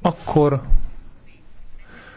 akkor